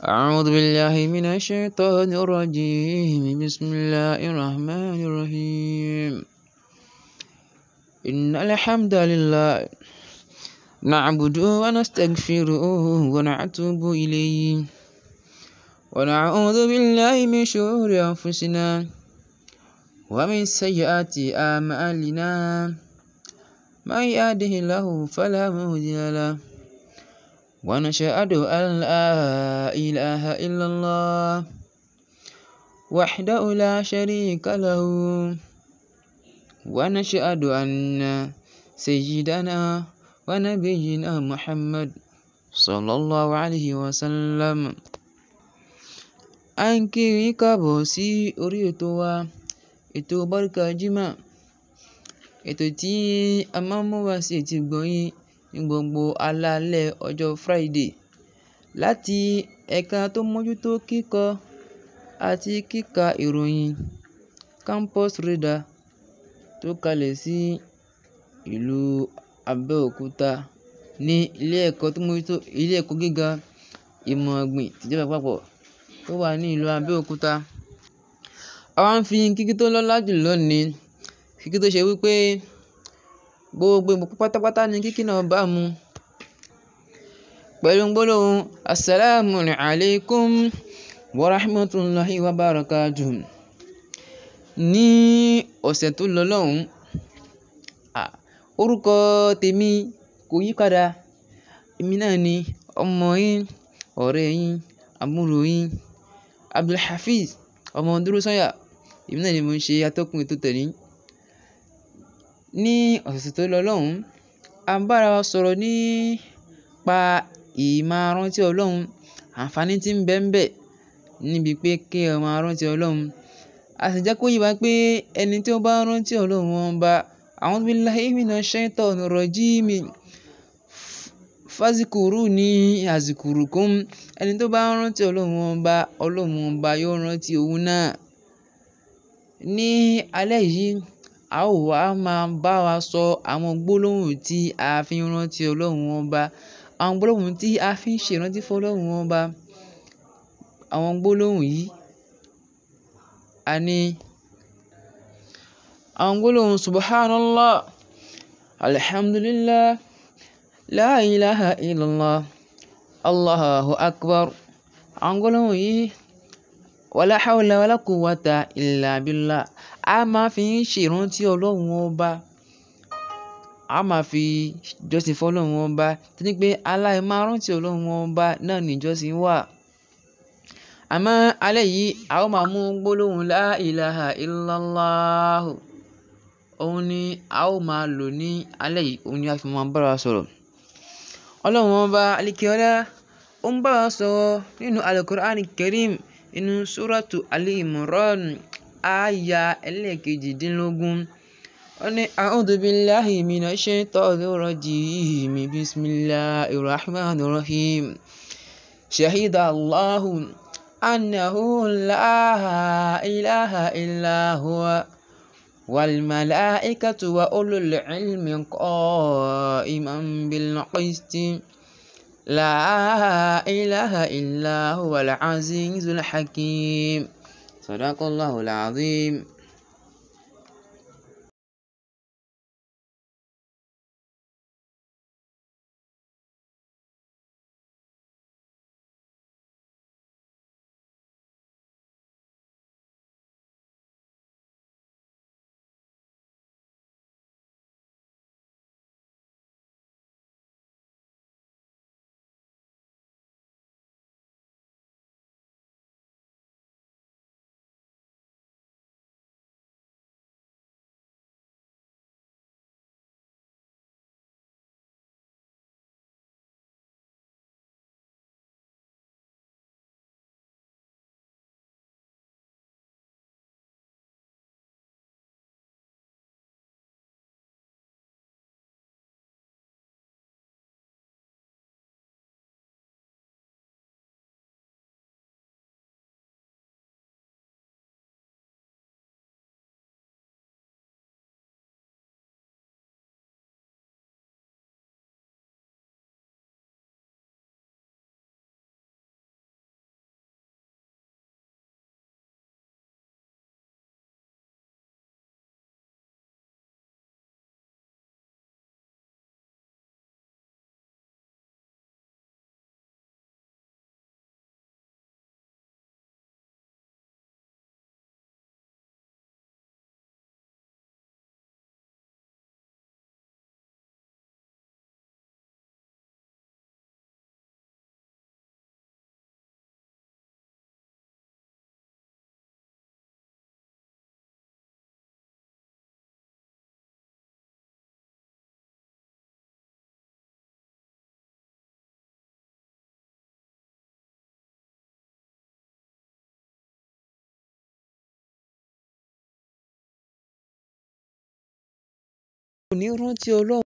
أعوذ بالله من الشيطان الرجيم بسم الله الرحمن الرحيم إن الحمد لله نعبد ونستغفره ونتوب إليه ونعوذ بالله من شرور أنفسنا ومن سيئات آمالنا من يهده الله فلا مهدي له ونشهد أن لا إله إلا الله وحده لا شريك له ونشهد أن سيدنا ونبينا محمد صلى الله عليه وسلم à ń سي أريتوا إتو بركة جما إتو تي ètò Barika Jimoh ní gbogbo alaalẹ́ ọjọ́ Friday. Láti ẹ̀ka tó mójútó kíkọ àti kíka ìròyìn Campus Radar tó kalẹ̀ sí ìlú Abẹ́òkúta ní Ilé ẹ̀kọ́ tó mójútó Ilé ẹ̀kọ́ gíga ìmọ̀ ọ̀gbìn tìjọba àpapọ̀ tó wà ní ìlú Abẹ́òkúta. A wá kíkí tó lọ́lá jù lọ kíkí tó ṣe wí Gbogbo ìbùkún pátápátá ni kíkí náà bá mu. Pẹ̀lú gbólóhùn Assalamu alaikum wa rahmatullahi wa barakatuh. Ní ọ̀sẹ̀ tó lọ lọ́hùn, à, orúkọ tèmi kò yípadà. Èmi náà ni ọmọ yín, ọ̀rẹ́ yín, àbúrò yín, Abdulhafiz ọmọ Dúróṣáyà. Èmi náà ni mò ń ṣe atọ́kùn ètò tòní. Ní ọ̀sẹ̀ tó lọ lọ́hùn-ún, a ń bára wa sọ̀rọ̀ nípa ìmáarántí Ọlọ́run, àǹfààní tí ń bẹ ńbẹ̀ níbi pé kéèyàn máa rántí Ọlọ́run. A sì jẹ́ kó yé wa pé ẹni tí ó bá ń rántí Ọlọ́run Ọba A'udhu billahi minash shaitani rrajim. Fazkuruni azkurukum. Ẹni tó bá ń rántí Ọlọ́run Ọba, Ọlọ́run Ọba yóò rántí òun náà. Ní alẹ́ yìí, a ó wá máa bá wa sọ àwọn gbólóhùn tí a fi ń rántí Ọlọ́run Ọba, àwọn gbólóhùn tí a fi ń ṣe ìrántí fún Ọlọ́run Ọba. Àwọn gbólóhùn yìí, a ní àwọn gbólóhùn Subhanallah, Alhamdulillah, La ilaha Allahu Akbar. Àwọn gbólóhùn yìí, Wala hawla wala quwwata a máa fi ń ṣe ìrántí Ọlọ́run ọba. A máa fi jọ́sìn fún Ọlọ́run ọba. Torí pé aláì máa rántí Ọlọ́run ọba náà ni ìjọsìn wà. Àmọ́ alẹ́ yìí a ó máa mú gbólóhùn lá ilaha illallah. Òun ni a ó máa lò ní alẹ́ yìí, òun ni a fi máa bá sọ̀rọ̀. Ọlọ́run ọba àlekèọ́lá ó ń bá wa nínú Al-Qur'an Al-Karim, nínú Suratu Ali Imran. àyà ẹlẹ́ẹ̀kejìdínlógún ó ní náà a'udhu billahi minash shaitanir rajim bismillahir rahmanir rahim shahida Allahu annahu la ilaha illa huwa والملائكة وأولو العلم قائما بالقسط لا إله إلا هو العزيز الحكيم صدق الله العظيم ní rántí Ọlọ́run.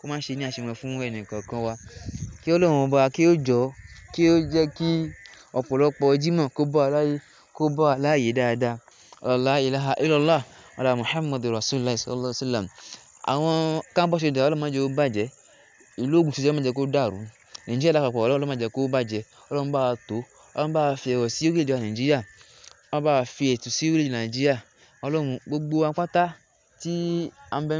kó má ṣe ní àṣemọ fún ẹnì kọ̀ọ̀kan wa. Kí Ọlọ́run ọba kí ó jọ́, kí ó jẹ́ kí ọ̀pọ̀lọpọ̀ Jímọ̀ kó bá wa kó bá wa dáadáa. La ilaha illallah wala Muhammadur Rasulullah sallallahu alaihi wasallam. Àwọn campus radio wa Ọlọ́run má jẹ́ ó bàjẹ́, ìlú Ògùn State Ọlọ́run má jẹ́ kó dàrú, Nàìjíríà lápapọ̀ Ọlọ́run má jẹ́ kó bàjẹ́, Ọlọ́run bá wa tó, Ọlọ́run bá fi ọ̀rọ̀ sí orílẹ̀-èdè Nàìjíríà, Ọlọ́run bá fi ètò sí orílẹ̀-èdè Nàìjíríà, Ọlọ́run gbogbo wa tí a ń bẹ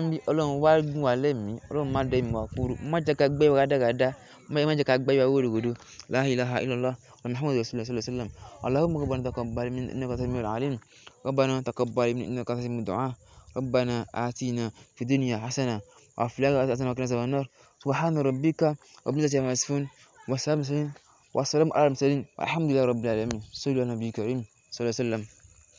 wá gùn wá lẹ́mi, Ọlọ́run má dẹ́mi wá kúrú, má jẹ́ ká gbéra rádaràda, má jẹ́ ká gbéra wóróworó. La ilaha illallah wa Muhammadur rasulullah sallallahu alaihi wasallam. Allahumma rabbana taqabbal minna innaka antas samiul alim. Rabbana taqabbal minna innaka antas samiud du'a. Rabbana atina fid dunya hasanah wa fil akhirati hasanah wa qina adhaban nar. Subhana rabbika rabbil izzati amma yasifun wa salamun wa salamun alal mursalin. Walhamdulillahi rabbil alamin. Sallu ala nabiyil karim sallallahu alaihi